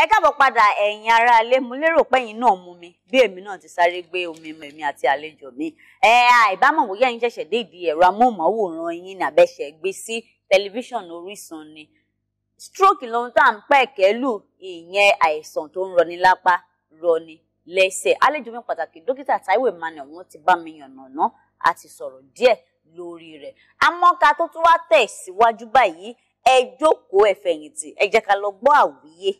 ẹ káàbọ̀ padà ẹ̀yin ará ilé mo lérò pé ẹ̀yin náà mú mi bí èmi náà ti sáré gbé omi mọ èmi àti àlejò mi ẹ àìbámọ̀ bóyá ẹ̀yin ṣẹ̀ṣẹ̀ dé ìdí ẹ̀rọ amóhùnmáwòrán yín ní àbẹ́ṣẹ̀ gbé sí tẹlifíṣàn Orísun ni stroke lóhun tá à ń pẹ́ kẹ́lù ìyẹn àìsàn tó ń rọni lápá rọni lẹ́sẹ̀ àlejò mi pàtàkì dókítà Táíwò Emmanuel wọ́n ti bá mi yànnàná àti sọ̀rọ̀ díẹ̀ lórí rẹ̀ àmọ́ ká tó tún wá tẹ̀síwájú báyìí ẹ jókòó ẹ ẹ jẹ́ ká lọ gbọ́ àwíyé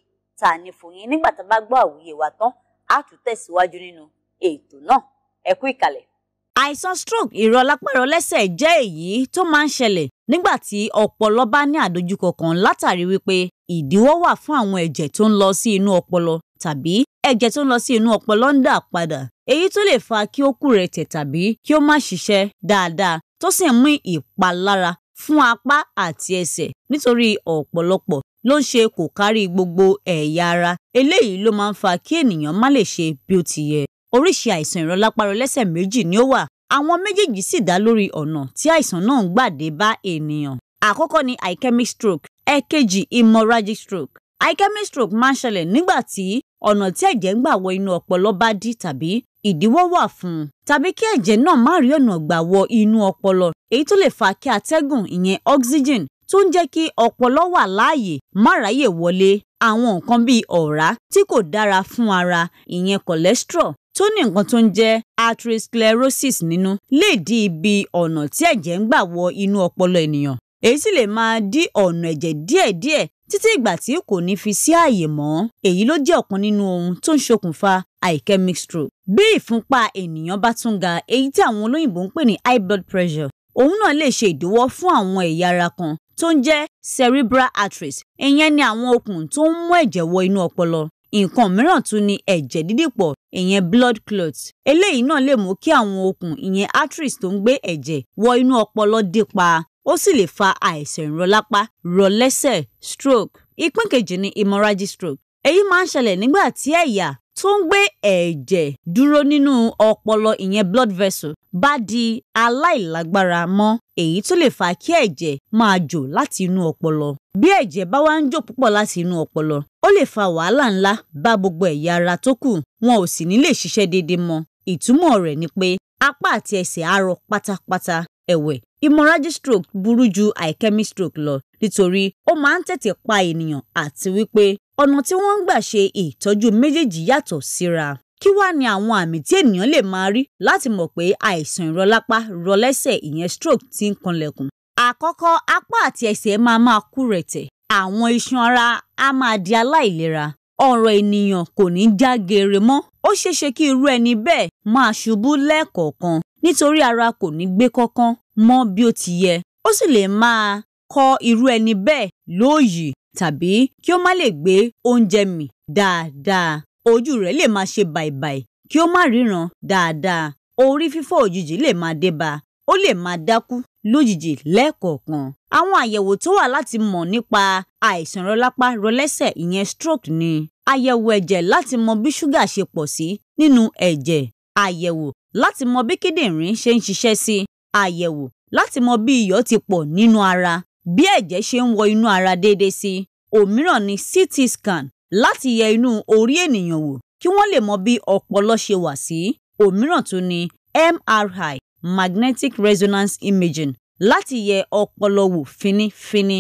tá a ní fún yín nígbà tá a bá gbọ́ àwòyè wa tán á tún tẹ̀síwájú nínú ètò náà ẹ kú ìkàlẹ̀. àìsàn stroke ìrọ̀lápẹ̀rọ̀ lẹ́sẹ̀ jẹ́ èyí tó máa ń ṣẹlẹ̀ nígbà tí ọpọlọ bá ní àdojúkọ kan látàrí wípé ìdíwọ́ wà fún àwọn ẹ̀jẹ̀ tó ń lọ sí inú ọpọlọ tàbí ẹ̀jẹ̀ tó ń lọ sí inú ọpọlọ ń dà padà èyí tó lè fa kí ó kù rẹ̀ tẹ̀ tàbí kí ó má ṣiṣẹ́ dáadáa tó sì mú ìpalára fún apá àti ẹsẹ̀ nítorí ọ̀pọ̀lọpọ̀ ló ń ṣe kò kárí gbogbo ẹ̀yà ara eléyìí ló máa ń fa kí ènìyàn má lè ṣe bí ó ti yẹ oríṣi àìsàn ìrọlápárọ lẹ́sẹ̀ méjì ni ó wà àwọn méjèèjì sì dá lórí ọ̀nà tí àìsàn náà ń gbà dé bá ènìyàn àkọ́kọ́ ni ischemic stroke ẹ̀kejì hemorrhagic stroke ischemic stroke máa ń ṣẹlẹ̀ nígbà tí ọ̀nà tí ẹ̀jẹ̀ ń gbà wọ inú ọpọlọ bá dí tàbí ìdíwọ́ wà fún un tàbí kí ẹ̀jẹ̀ náà má rí ọ̀nà gbà wọ inú ọpọlọ èyí tó lè fa kí atẹ́gùn ìyẹn oxygen tó ń jẹ́ kí ọpọlọ wà láàyè má ráyè wọlé àwọn nǹkan bíi ọ̀rá tí kò dára fún ara ìyẹn cholesterol tó ní nǹkan tó ń jẹ́ atherosclerosis nínú lè di ibi ọ̀nà tí ẹ̀jẹ̀ ń gbà wọ inú ọpọlọ ènìyàn èyí sì lè máa dí ọ̀nà ẹ̀jẹ̀ díẹ̀díẹ̀ títí ìgbà tí kò ní fi sí ààyè mọ́ èyí ló jẹ́ ọ̀kan nínú ohun tó ń ṣokùnfà àìkẹ́ mixtro. bí ìfúnpá ènìyàn bá tún ga èyí tí àwọn olóyìnbó ń pè ní high blood pressure òun náà lè ṣe ìdíwọ́ fún àwọn ẹ̀yà ara kan tó ń jẹ́ cerebral arteries ìyẹn ni àwọn okùn tó ń mú ẹ̀jẹ̀ wọ inú ọpọlọ nǹkan mìíràn tún ni ẹ̀jẹ̀ dídìpọ̀ ìyẹn blood clot eléyìí náà lè mú kí àwọn okùn ìyẹn arteries tó ń gbé ẹ̀jẹ̀ wọ inú ọpọlọ dípa ó sì lè fa àìsàn ìrọlápá rọlẹ́sẹ̀ stroke ìpín kejì ni hemorrhagic stroke èyí máa ń ṣẹlẹ̀ nígbà tí ẹ̀yà tó ń gbé ẹ̀jẹ̀ dúró nínú ọpọlọ ìyẹn blood vessel bá di aláìlágbára mọ́ èyí tó lè fa kí ẹ̀jẹ̀ máa jò láti inú ọpọlọ. bí ẹ̀jẹ̀ bá wá ń jò púpọ̀ láti inú ọpọlọ ó lè fa wàhálà ńlá bá gbogbo ẹ̀yà ara tó kù wọn ò sì ní lè ṣiṣẹ́ déédéé mọ́ ìtumọ̀ rẹ̀ ni pé apá àti ẹsẹ̀ á rọ pátápátá ẹ̀wẹ̀ hemorrhagic stroke burú ju ischemic stroke lọ nítorí ó máa ń tètè pa ènìyàn àti wípé Ọ̀nà tí wọ́n ń gbà ṣe ìtọ́jú méjèèjì yàtọ̀ síra. Kí wá ni àwọn àmì tí ènìyàn lè máa rí láti mọ̀ pé àìsàn ìrọlápá rọlẹ́sẹ̀ ìyẹn stroke ti ń kanlẹ̀kùn? Àkọ́kọ́ apá àti ẹsẹ̀ máa máa kú rẹ̀tẹ̀. Àwọn iṣan ara á máa di aláìlera. Ọ̀rọ̀ ènìyàn kò ní já geere mọ́. Ó ṣeéṣe kí irú ẹni bẹ́ẹ̀ máa ṣubú lẹ́ẹ̀kọ̀ọ̀kan nítorí ara kò ní gbé kánkán mọ́ bí ó ti yẹ. Ó sì lè máa kọ irú ẹni bẹ́ẹ̀ lóòyì tàbí kí ó má lè gbé oúnjẹ mì dáadáa ojú rẹ̀ lè máa ṣe bàìbàì kí ó má ríran dáadáa orí fífọ́ òjijì lè máa dé bá ó lè máa dákú lójijì lẹ́ẹ̀kọ̀ọ̀kan àwọn àyẹ̀wò tó wà láti mọ̀ nípa àìsàn rọlápá rọlẹ́sẹ̀ ìyẹn stroke ni àyẹ̀wò ẹ̀jẹ̀ láti mọ bí ṣúgà ṣe pọ̀ sí nínú ẹ̀jẹ̀ àyẹ̀wò láti mọ bí kíndìnrín ṣe ń ṣiṣẹ́ sí àyẹ̀wò láti mọ bí iyọ̀ ti pọ̀ nínú ara bí ẹ̀jẹ̀ ṣe ń wọ inú ara déédé sí òmíràn ni ct scan láti yẹ inú orí ènìyàn wò kí wọ́n lè mọ bí ọpọlọ ṣe wà sí òmíràn tún ni mri magnetic resonance imaging láti yẹ ọpọlọ wò fínífíní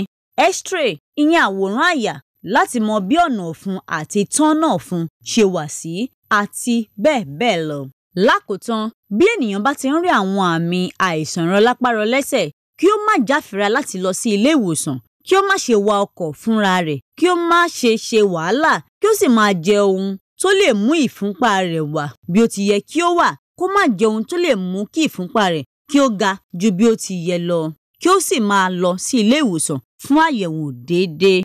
x-ray ìyẹn àwòrán àyà láti mọ bí ọ̀nà ọ̀fun àti tọ́nà ọ̀fun ṣe wà sí àti bẹ́ẹ̀ bẹ́ẹ̀ lọ. lákòótán bí ènìyàn bá ti ń rí àwọn àmì àìsàn rọlápá rọlẹ́sẹ̀ kí ó má jáfira láti lọ sí ilé ìwòsàn kí ó má ṣe wa ọkọ̀ fúnra rẹ̀ kí ó má ṣe ṣe wàhálà kí ó sì máa jẹ ohun tó lè mú ìfúnpá rẹ̀ wà bí ó ti yẹ kí ó wà kó má jẹ ohun tó lè mú kí ìfúnpá rẹ̀ kí ó ga ju bí ó ti yẹ lọ kí ó sì máa lọ sí ilé ìwòsàn fún àyẹ̀wò déédéé.